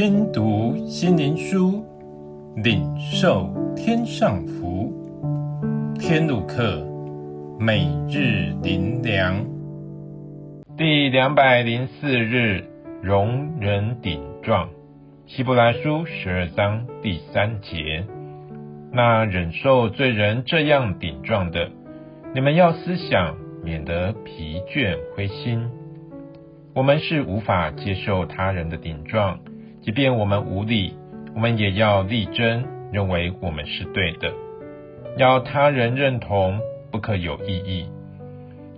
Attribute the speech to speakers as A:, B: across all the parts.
A: 聽讀心靈書，領受天上福。天路客每日靈糧，第兩百零四日容忍頂撞。希伯來書十二章第三節：那忍受罪人這樣頂撞的，你們要思想，免得疲倦灰心。我們是無法接受他人的頂撞。即便我們無理，我們也要力爭認為我們是對的，要他人認同，不可有異議。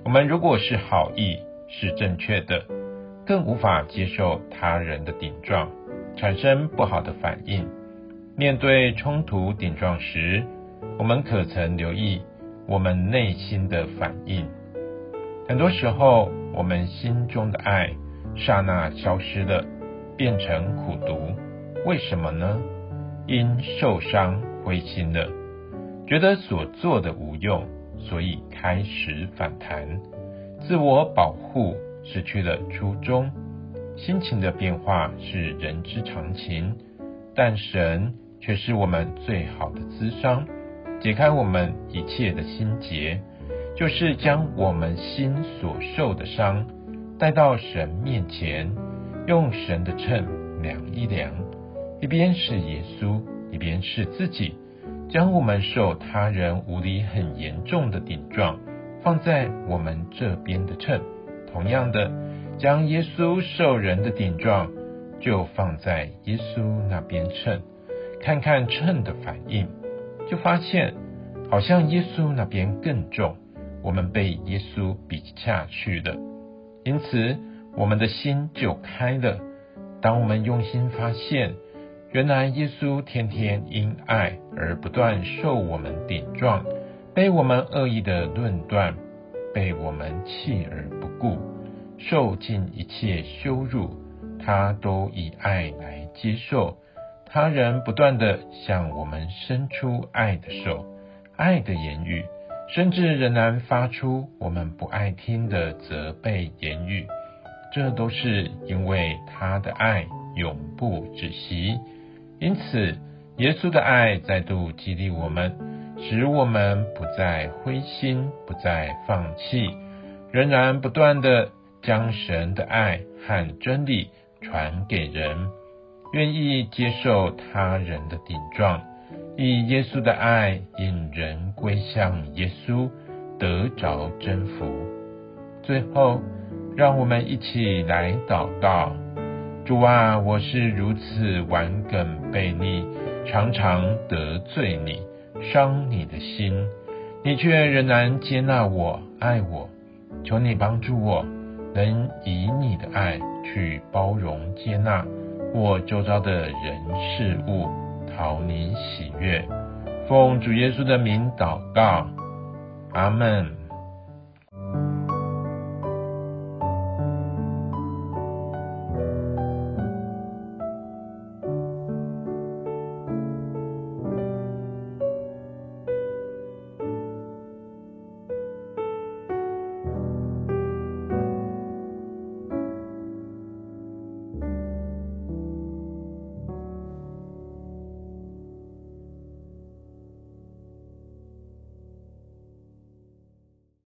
A: 我們如果是好意，是正確的，更無法接受他人的頂撞，產生不好的反應。面對衝突頂撞時，我們可曾留意我們內心的反應？很多時候，我們心中的愛剎那消失了。變成苦毒，為什麼呢？因受傷灰心了，覺得所做的無用，所以開始反彈，自我保護，失去了初衷。心情的變化是人之常情，但神卻是我們最好的諮商，解開我們一切的心結，就是將我們心所受的傷帶到神面前。用神的秤量一量，一邊是耶穌，一邊是自己。將我們受他人無理很嚴重的頂撞放在我們這邊的秤，同樣的，將耶穌受人的頂撞就放在耶穌那邊秤，看看秤的反應，就發現好像耶穌那邊更重，我們被耶穌比下去了。因此。我們的心就開了。當我們用心發現，原來耶穌天天因愛而不斷受我們頂撞，被我們惡意的論斷，被我們棄而不顧，受盡一切羞辱，他都以愛來接受，他仍不斷的向我們伸出愛的手，愛的言語，甚至仍然發出我們不愛聽的責備言語。這都是因為他的愛永不止息，因此耶穌的愛再度激勵我們，使我們不再灰心，不再放棄，仍然不斷的將神的愛和真理傳給人，願意接受他人的頂撞，以耶穌的愛引人歸向耶穌，得着真福。最後，讓我們一起來禱告：主啊，我是如此頑梗悖逆，常常得罪你，傷你的心，你卻仍然接納我、愛我。求你幫助我，能以你的愛去包容、接納我周遭的人事物，討你喜悅。奉主耶穌的名禱告，阿門。